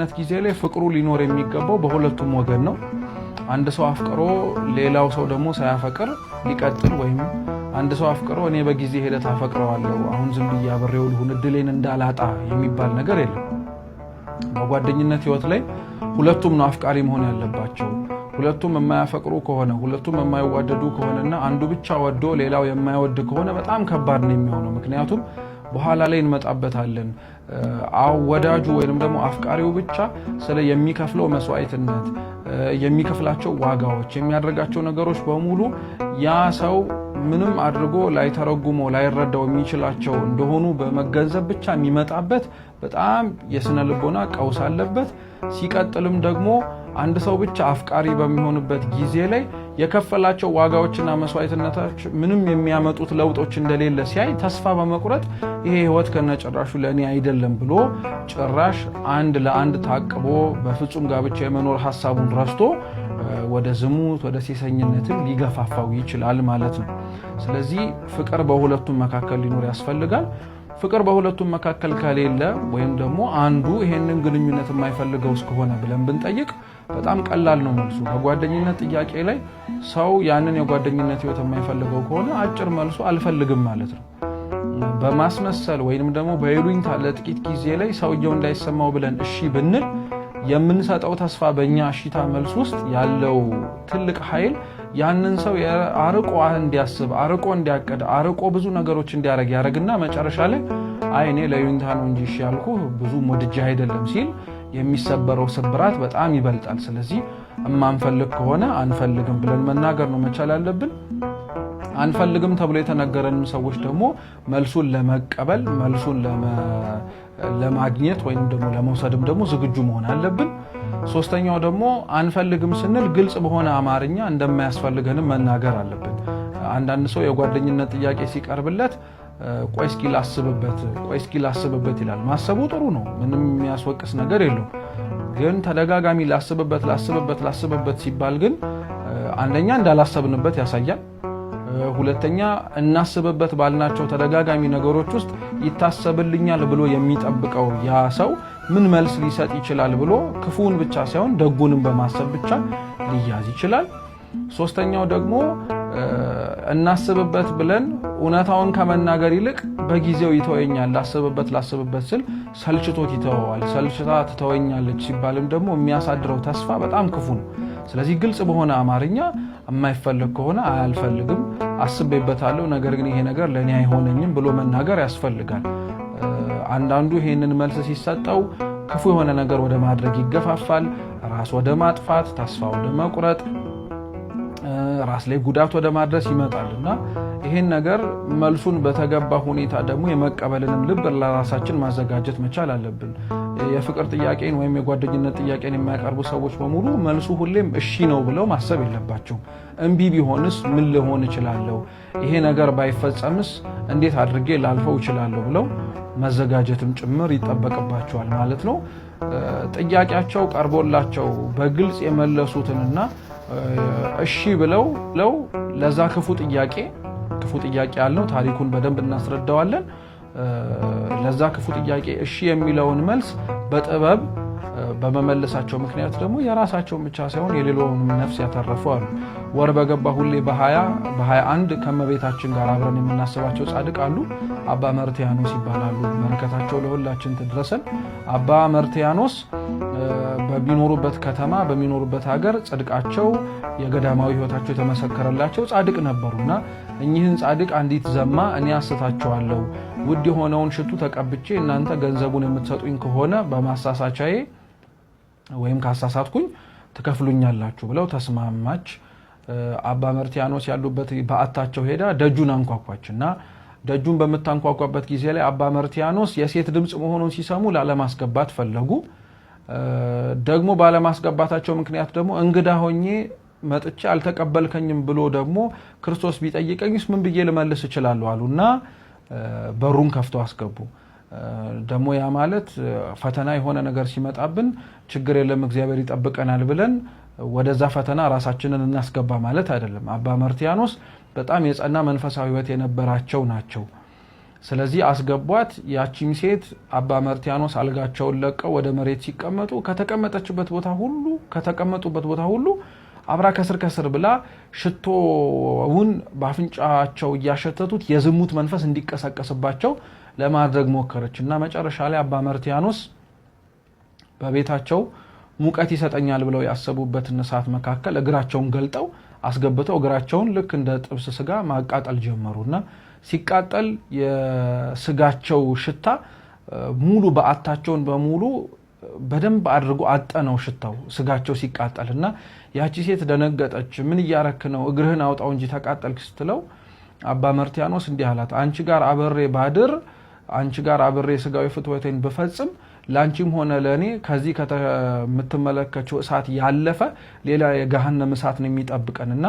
ነት ጊዜ ላይ ፍቅሩ ሊኖር የሚገባው በሁለቱም ወገን ነው። አንድ ሰው አፍቅሮ ሌላው ሰው ደግሞ ሳያፈቅር ሊቀጥል ወይም አንድ ሰው አፍቅሮ እኔ በጊዜ ሄደት አፈቅረዋለሁ አሁን ዝም ብዬ አብሬው ልሁን እድሌን እንዳላጣ የሚባል ነገር የለም። በጓደኝነት ህይወት ላይ ሁለቱም ነው አፍቃሪ መሆን ያለባቸው። ሁለቱም የማያፈቅሩ ከሆነ ሁለቱም የማይዋደዱ ከሆነና አንዱ ብቻ ወዶ ሌላው የማይወድ ከሆነ በጣም ከባድ ነው የሚሆነው ምክንያቱም በኋላ ላይ እንመጣበታለን። ወዳጁ ወይም ደግሞ አፍቃሪው ብቻ ስለ የሚከፍለው መስዋዕትነት፣ የሚከፍላቸው ዋጋዎች፣ የሚያደርጋቸው ነገሮች በሙሉ ያ ሰው ምንም አድርጎ ላይተረጉሞ ላይረዳው የሚችላቸው እንደሆኑ በመገንዘብ ብቻ የሚመጣበት በጣም የስነ ልቦና ቀውስ አለበት። ሲቀጥልም ደግሞ አንድ ሰው ብቻ አፍቃሪ በሚሆንበት ጊዜ ላይ የከፈላቸው ዋጋዎችና መስዋዕትነቶች ምንም የሚያመጡት ለውጦች እንደሌለ ሲያይ ተስፋ በመቁረጥ ይሄ ህይወት ከነጭራሹ ለእኔ አይደለም ብሎ ጭራሽ አንድ ለአንድ ታቅቦ በፍጹም ጋብቻ የመኖር ሀሳቡን ረስቶ ወደ ዝሙት ወደ ሴሰኝነትም ሊገፋፋው ይችላል ማለት ነው። ስለዚህ ፍቅር በሁለቱም መካከል ሊኖር ያስፈልጋል። ፍቅር በሁለቱም መካከል ከሌለ ወይም ደግሞ አንዱ ይሄንን ግንኙነት የማይፈልገው እስከሆነ ብለን ብንጠይቅ በጣም ቀላል ነው መልሱ። ከጓደኝነት ጥያቄ ላይ ሰው ያንን የጓደኝነት ህይወት የማይፈልገው ከሆነ አጭር መልሱ አልፈልግም ማለት ነው። በማስመሰል ወይም ደግሞ በይሉኝታ ለጥቂት ጊዜ ላይ ሰውየው እንዳይሰማው ብለን እሺ ብንል የምንሰጠው ተስፋ በእኛ እሽታ መልስ ውስጥ ያለው ትልቅ ኃይል ያንን ሰው አርቆ እንዲያስብ አርቆ እንዲያቀድ አርቆ ብዙ ነገሮች እንዲያደረግ ያደረግና መጨረሻ ላይ አይ እኔ ለዩንታ ነው እንጂ ያልኩ ብዙ ሞድጃ አይደለም ሲል የሚሰበረው ስብራት በጣም ይበልጣል። ስለዚህ እማንፈልግ ከሆነ አንፈልግም ብለን መናገር ነው መቻል ያለብን። አንፈልግም ተብሎ የተነገረንም ሰዎች ደግሞ መልሱን ለመቀበል መልሱን ለማግኘት ወይም ደግሞ ለመውሰድም ደግሞ ዝግጁ መሆን አለብን። ሶስተኛው ደግሞ አንፈልግም ስንል ግልጽ በሆነ አማርኛ እንደማያስፈልገንም መናገር አለብን። አንዳንድ ሰው የጓደኝነት ጥያቄ ሲቀርብለት ቆይ እስኪ ላስብበት፣ ቆይ እስኪ ላስብበት ይላል። ማሰቡ ጥሩ ነው፣ ምንም የሚያስወቅስ ነገር የለውም። ግን ተደጋጋሚ ላስብበት፣ ላስብበት፣ ላስብበት ሲባል ግን አንደኛ እንዳላሰብንበት ያሳያል። ሁለተኛ እናስብበት ባልናቸው ተደጋጋሚ ነገሮች ውስጥ ይታሰብልኛል ብሎ የሚጠብቀው ያ ሰው ምን መልስ ሊሰጥ ይችላል ብሎ ክፉውን ብቻ ሳይሆን ደጉንም በማሰብ ብቻ ሊያዝ ይችላል። ሶስተኛው ደግሞ እናስብበት ብለን እውነታውን ከመናገር ይልቅ በጊዜው ይተወኛል፣ ላስብበት ላስብበት ስል ሰልችቶት ይተወዋል። ሰልችታ ትተወኛለች ሲባልም ደግሞ የሚያሳድረው ተስፋ በጣም ክፉ ነው። ስለዚህ ግልጽ በሆነ አማርኛ የማይፈልግ ከሆነ አልፈልግም፣ አስቤበታለሁ፣ ነገር ግን ይሄ ነገር ለእኔ አይሆነኝም ብሎ መናገር ያስፈልጋል። አንዳንዱ ይሄንን መልስ ሲሰጠው ክፉ የሆነ ነገር ወደ ማድረግ ይገፋፋል። ራስ ወደ ማጥፋት፣ ተስፋ ወደ መቁረጥ፣ ራስ ላይ ጉዳት ወደ ማድረስ ይመጣል እና ይህን ነገር መልሱን በተገባ ሁኔታ ደግሞ የመቀበልንም ልብ ለራሳችን ማዘጋጀት መቻል አለብን። የፍቅር ጥያቄን ወይም የጓደኝነት ጥያቄን የሚያቀርቡ ሰዎች በሙሉ መልሱ ሁሌም እሺ ነው ብለው ማሰብ የለባቸውም። እምቢ ቢሆንስ ምን ልሆን እችላለሁ? ይሄ ነገር ባይፈጸምስ እንዴት አድርጌ ላልፈው እችላለሁ? ብለው መዘጋጀትም ጭምር ይጠበቅባቸዋል ማለት ነው። ጥያቄያቸው ቀርቦላቸው በግልጽ የመለሱትንና እሺ ብለው ለው ለዛ ክፉ ጥያቄ ክፉ ጥያቄ ያለው ታሪኩን በደንብ እናስረዳዋለን። ለዛ ክፉ ጥያቄ እሺ የሚለውን መልስ በጥበብ በመመለሳቸው ምክንያት ደግሞ የራሳቸውን ብቻ ሳይሆን የሌላውንም ነፍስ ያተረፉ አሉ። ወር በገባ ሁሌ በ21 አንድ ከመቤታችን ጋር አብረን የምናስባቸው ጻድቅ አሉ። አባ መርቲያኖስ ይባላሉ። መረከታቸው ለሁላችን ትድረሰን። አባ መርትያኖስ በሚኖሩበት ከተማ በሚኖሩበት ሀገር ጽድቃቸው የገዳማዊ ህይወታቸው የተመሰከረላቸው ጻድቅ ነበሩና እኚህን ጻድቅ አንዲት ዘማ እኔ አስታቸዋለሁ ውድ የሆነውን ሽቱ ተቀብቼ እናንተ ገንዘቡን የምትሰጡኝ ከሆነ በማሳሳቻዬ ወይም ካሳሳትኩኝ ትከፍሉኛላችሁ ብለው ተስማማች። አባ መርቲያኖስ ያሉበት በአታቸው ሄዳ ደጁን አንኳኳች እና ደጁን በምታንኳኳበት ጊዜ ላይ አባ መርቲያኖስ የሴት ድምፅ መሆኑን ሲሰሙ ላለማስገባት ፈለጉ። ደግሞ ባለማስገባታቸው ምክንያት ደግሞ እንግዳ ሆኜ መጥቼ አልተቀበልከኝም ብሎ ደግሞ ክርስቶስ ቢጠይቀኝስ ምን ብዬ ልመልስ እችላለሁ አሉና በሩን ከፍቶ አስገቡ። ደግሞ ያ ማለት ፈተና የሆነ ነገር ሲመጣብን ችግር የለም እግዚአብሔር ይጠብቀናል ብለን ወደዛ ፈተና ራሳችንን እናስገባ ማለት አይደለም። አባ መርቲያኖስ በጣም የጸና መንፈሳዊ ሕይወት የነበራቸው ናቸው። ስለዚህ አስገቧት። ያቺም ሴት አባ መርቲያኖስ አልጋቸውን ለቀው ወደ መሬት ሲቀመጡ ከተቀመጠችበት ቦታ ሁሉ ከተቀመጡበት ቦታ ሁሉ አብራ ከስር ከስር ብላ ሽቶውን በአፍንጫቸው እያሸተቱት የዝሙት መንፈስ እንዲቀሰቀስባቸው ለማድረግ ሞከረች እና መጨረሻ ላይ አባ መርቲያኖስ በቤታቸው ሙቀት ይሰጠኛል ብለው ያሰቡበትን እሳት መካከል እግራቸውን ገልጠው አስገብተው እግራቸውን ልክ እንደ ጥብስ ስጋ ማቃጠል ጀመሩ እና ሲቃጠል የስጋቸው ሽታ ሙሉ በአታቸውን በሙሉ በደንብ አድርጎ አጠነው ሽታው ስጋቸው ሲቃጠል እና ያቺ ሴት ደነገጠች። ምን እያረክ ነው? እግርህን አውጣው እንጂ ተቃጠልክ ስትለው አባ መርቲያኖስ እንዲህ አላት፣ አንቺ ጋር አብሬ ባድር፣ አንቺ ጋር አብሬ ስጋዊ ፍትወቴን ብፈጽም ለአንቺም ሆነ ለእኔ ከዚህ ከምትመለከችው እሳት ያለፈ ሌላ የገሃነም እሳት ነው የሚጠብቀን እና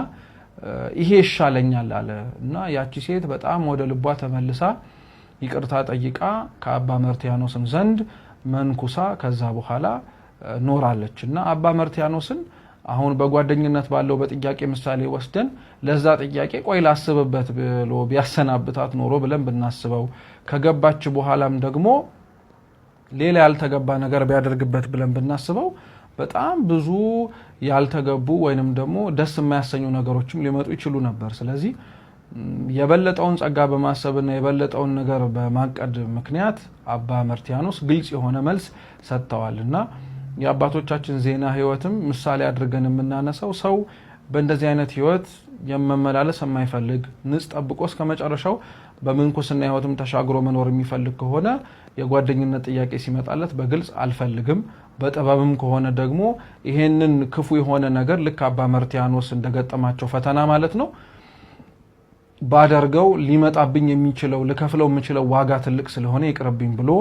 ይሄ ይሻለኛል አለ እና ያቺ ሴት በጣም ወደ ልቧ ተመልሳ ይቅርታ ጠይቃ ከአባ መርቲያኖስም ዘንድ መንኩሳ ከዛ በኋላ ኖራለች እና አባ መርቲያኖስን አሁን በጓደኝነት ባለው በጥያቄ ምሳሌ ወስደን ለዛ ጥያቄ ቆይ ላስብበት ብሎ ቢያሰናብታት ኖሮ ብለን ብናስበው ከገባች በኋላም ደግሞ ሌላ ያልተገባ ነገር ቢያደርግበት ብለን ብናስበው በጣም ብዙ ያልተገቡ ወይንም ደግሞ ደስ የማያሰኙ ነገሮችም ሊመጡ ይችሉ ነበር። ስለዚህ የበለጠውን ጸጋ በማሰብና የበለጠውን ነገር በማቀድ ምክንያት አባ መርቲያኖስ ግልጽ የሆነ መልስ ሰጥተዋል እና የአባቶቻችን ዜና ህይወትም ምሳሌ አድርገን የምናነሳው ሰው በእንደዚህ አይነት ህይወት የመመላለስ የማይፈልግ ንጽ ጠብቆ እስከ መጨረሻው በምንኩስና ህይወትም ተሻግሮ መኖር የሚፈልግ ከሆነ የጓደኝነት ጥያቄ ሲመጣለት በግልጽ አልፈልግም፣ በጥበብም ከሆነ ደግሞ ይሄንን ክፉ የሆነ ነገር ልክ አባ መርቲያኖስ እንደገጠማቸው ፈተና ማለት ነው ባደርገው ሊመጣብኝ የሚችለው ልከፍለው የምችለው ዋጋ ትልቅ ስለሆነ ይቅርብኝ ብሎ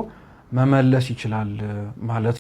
መመለስ ይችላል ማለት